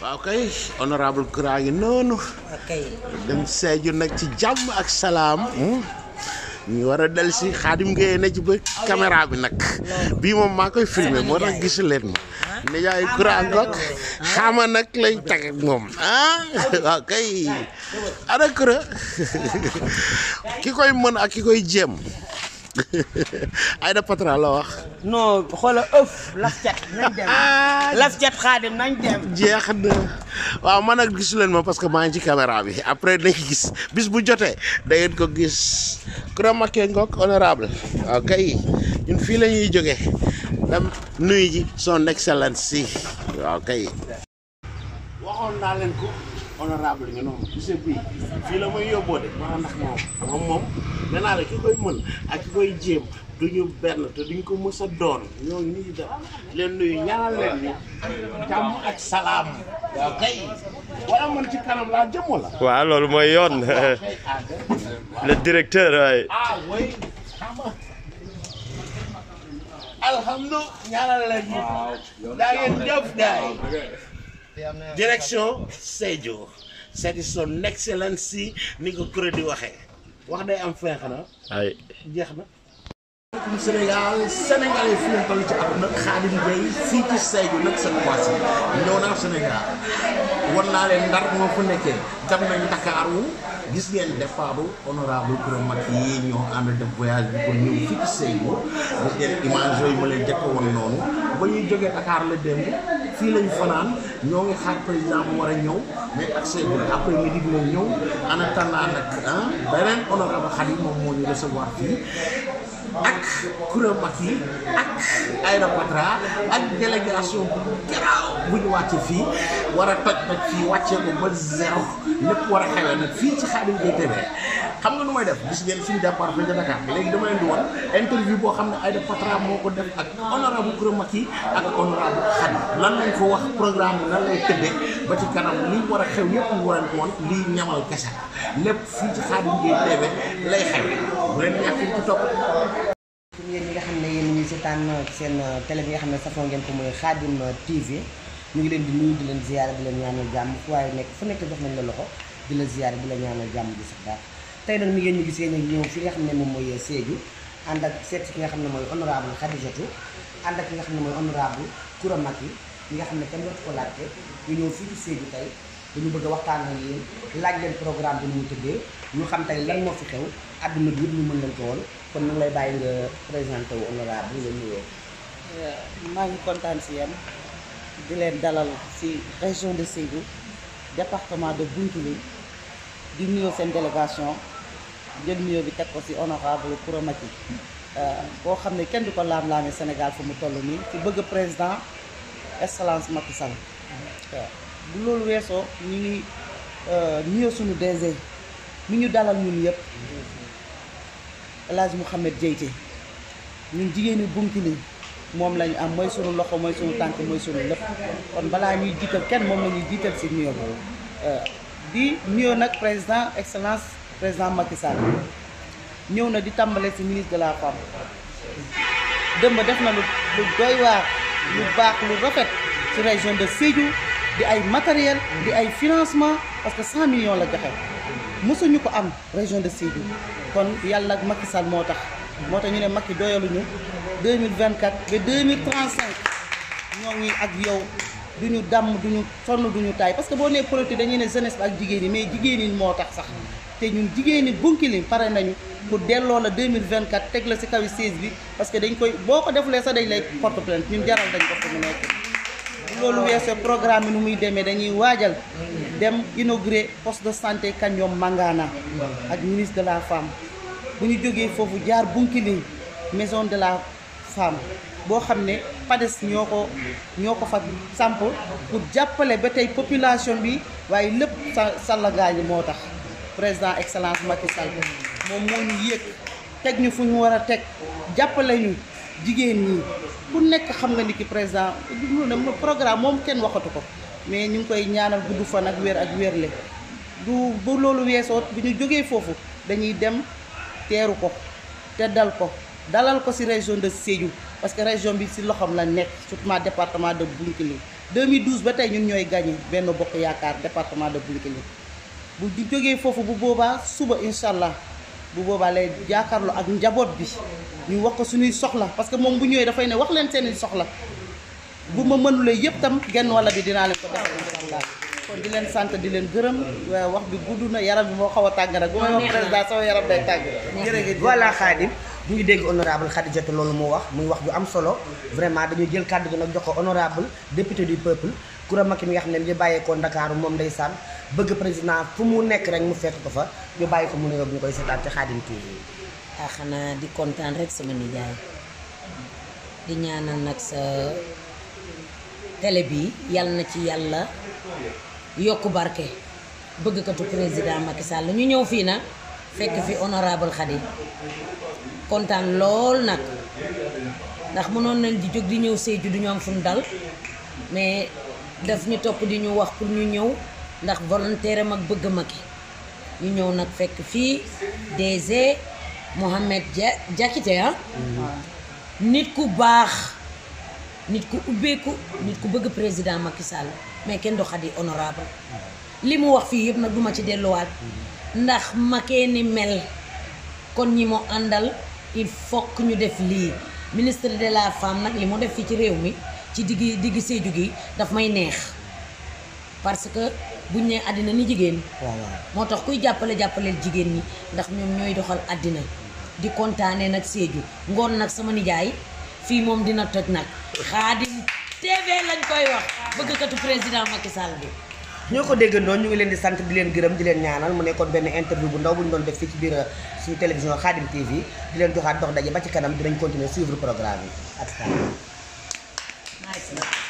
waaw kay honorable Kura yi noonu. dem seeju nag ci jàmm ak salaam. Hmm? ñu war del si xaadim ngay ne ba caméra bi nag. bii moom maa koy filmé moo tax gisu leen ma. ne yaay Kura xaama nag lay tag moom ah waaw kay. ana Kura ki koy mën ak ki koy jéem. Aïda Patra la wax. non xoola ëf laf cat nañ dem ah, laf xaadim nañ dem. jeex na waaw man nag gisu leen ma parce que maa ngi ci caméra bi après dañ gis bis bu jotee da ko gis ku ne makkee ngoog honorable waaw kay ñun fii lañuy ñuy jógee dam nuyu ji son excellence si waaw kay. honorable nga noonu monsieur Pouy fii la may yóbboo de war a ndax moom moom moom nee naa la ki koy mën ak ki koy jéem duñu benn te duñ ko mës a doon ñoo ngi nii def leen nuyu ñaanal leen ni jàmm ak salaam waaw kay wala man ci kanam laa jëm wala waaw loolu mooy yoon le directeur waaye ah, alhamdu ñaanal leen ni daa ngeen jëf daay direction Sédhiou c'est son excellence si ni ko kuréel di waxee wax day am fin xanaa. ay jeex na. maaleykum Sénégal Sénégal yi fi toll ci àdduna Khadim Gueye fii ci Sédhiou nag cette fois-ci ñëw naa Sénégal war naa leen ndar moo fu nekkee dem nañ Ndakaaru gis ngeen départ honorable kuréel mag yi ñoo ànd def voyage bi pour ñëw fii ci Sédhiou gis ngeen image yooyu ma leen jëkk woon noonu ba ñuy jógee Dakar la démb. fii lañu fanaan ñoo ngi xaar président mu war a ñëw mais ak seen après midi moom ñëw en attendant nag ah beneen honorable Khady moom moo ñu recevoir fii ak kuréel mag yi ak Aïda ak délégation bu garaaw bu ñu fii war a toj toj fii wàccee ko ba zéro lépp war a xewee nag fii ci Khadim Gueye TV xam nga nu may def gis ngeen suñu jàppar bi nga Dakar léegi dama leen interview boo xam ne Aïda Patra moo ko def ak honorable Coura Macky ak honorable Khady lan lañ nga xam ne yéen ñuy seetaan seen télé bi nga xam ne safoo ngeen ko mooy Khadim TV ñu ngi leen di nuyu di leen ziyaare di leen ñaanal jàmm fu waaye nekk fu nekk jox nañ la loxo di la ziyaare bi la ñaanal jàmm bi sax daal tey nag mi ngeen ñu gisee nag ñëw fi nga xam ne moom mooy Sédhiou ànd ak seet ki nga xam ne mooy honorable Khadijatou ànd ak ki nga xam ne mooy honorable Coura Macky yi nga xam ne kenn dootu ko laajte ñu ñëw fii ci Sédhiou tey dañu bëgg a waxtaan ak yéen laaj leen programme bi nu mu tëddee ñu xam tey lan moo fi xew àdduna bi yëpp ñu mën leen ko woon kon ñu ngi lay bàyyi nga présenté wu honorable nga nuyoo. Euh, maa ngi kontaan si yéen di leen dalal si région de Sédhiou département de Bounkiling di nuyoo seen délégation. jël nuyoo bi teg ko si honorable Koura Macky boo euh, xam ne kenn du ko laam-laamee Sénégal fu mu toll nii ci bëgg président excellence Macky Sall euh, bu loolu weesoo ñu ngi euh, nuyoo suñu DG mu ñu dalal ñun yëpp El Hadj Mouhamed Dieyte ñun jigéenu Bounkiling moom la am mooy sunu loxo mooy suñu tànk mooy sunu lépp kon balaa ñuy jiital kenn moom lañuy ñuy jiital si nuyoo bi di nuyoo nag président excellence président Macky Sall ñëw na di tàmbale ci ministre de la femme dëmb def na lu lu doy waar lu baax lu rafet ci région de Sédhiou di ay matériel di ay financement parce que 100 millions la joxe mësuñu ko am région de Sédhiou kon yàlla ak Macky Sall moo tax moo tax ñu ne Macky doyaluñu 2024 ba 2035 ñoo ngi ak yow duñu dàmm duñu sonn duñu taay parce que boo nee politique dañuy ne jeunesse bi ak jigéen ñi mais jigéen ñi moo tax sax te ñun jigéeni Bounkiling pare nañu pour delloo la 2024 teg la si kaw siis bi parce que dañ koy boo ko defulee sa dañ lay porte plainte ñun jaral dañ ko fu mu nekk loolu weesoo programme bi nu muy demee dañuy waajal dem inauguré poste de santé Kandiom Mangana ak ministre de la femme bu ñu jógee foofu jaar Bounkiling maison de la femme boo xam ne PADES ñoo ko ñoo ko fa samp pour jàppale ba tey population bi waaye lépp sa sallagaañi moo tax président excellence Macky Sall moom moo ñu yéeg teg ñu fu ñu war a teg jàppale ñu jigéen ñi ku nekk xam nga ni ki président programme moom kenn waxatu ko mais ñu ngi koy ñaanal gudd fan ak wér ak wérle du bu loolu weesoo bu ñu jógee foofu dañuy dem teeru ko teddal ko dalal ko ci région de Sédhiou parce que région bi ci loxoom la nekk surtout département de Bounkiling 2012 ba tey ñun ñooy gagné benn bokk yaakaar département de Bounkiling bu joge fofu bu boba suba inshallah allah bu boba lay jakarlo ak njabot bi ñu wax ko suñuy soxla parce que mom bu da fay né wax leen seen soxla bu ma mënulee yépp tam genn wala bi dina leen ko def incha allah di leen sante di leen gërëm wax bi guduna na yaram bi mo xawa tag tàng bu may wax président sama yaram day tag wala Khadim ñu ngi dégg honorable Khadidiatou loolu mo wax muy wax ju am solo vraiment dañu jël kàddu gi jox ko honorable député du peuple kura Macky nga xamné ne bayé ko dakar mom ndaysan bëgg président fu mu nekk rek mu fekk ko fa ñu bàyyi ko mu nuyoo bu ñu koy seetaan ci Khadim TV ah xanaa di kontaan rek sama nijaay di ñaanal nag sa télé bi yàlla na ci yàlla yokku barke bëggkatu président Macky Sall ñu ñëw fii nag fekk fi honorable Khadim kontaan lool nag ndax mënoon nañ di jóg di ñëw Sédhiou du ñu am fu mu dal mais daf ñu topp di ñu wax pour ñu ñëw ndax volontaire am ak bëgg Macky ñu ñëw nak fekk fi DG Mohamed Diakité ha ah. mm-hmm. nit ku baax nit ku ubbeeku nit ku bëgg président Macky Sall mais kenn do xadi honorable mm-hmm. Limu wax fi yëp nak duma ci waat mm-hmm. ndax maké ni mel kon ñi mo andal il faut que ñu def li ministre de la femme nak limu def fi ci réew mi ci digi digi sey gi daf may neex parce que buñ nee àddina ni jigéen moo tax kuy jàppale jàppaleel jigéen ñi ndax ñoom ñooy doxal àddina di kontaane nag Sédhiou ngoon nag sama nijaay fii moom dina toj nag Khadim TV lañ koy wax bëggkatu président Macky Sall bi ñoo ko déggandoo ñu ngi leen di sant di leen gërëm di leen ñaanal mu nekkoon benn interview bu ndaw bu ñu doon def fii ci biir euh, suñu télévision Khadim TV di leen joxaat dox daje ba ci kanam dinañ continuer suivre programme yi ak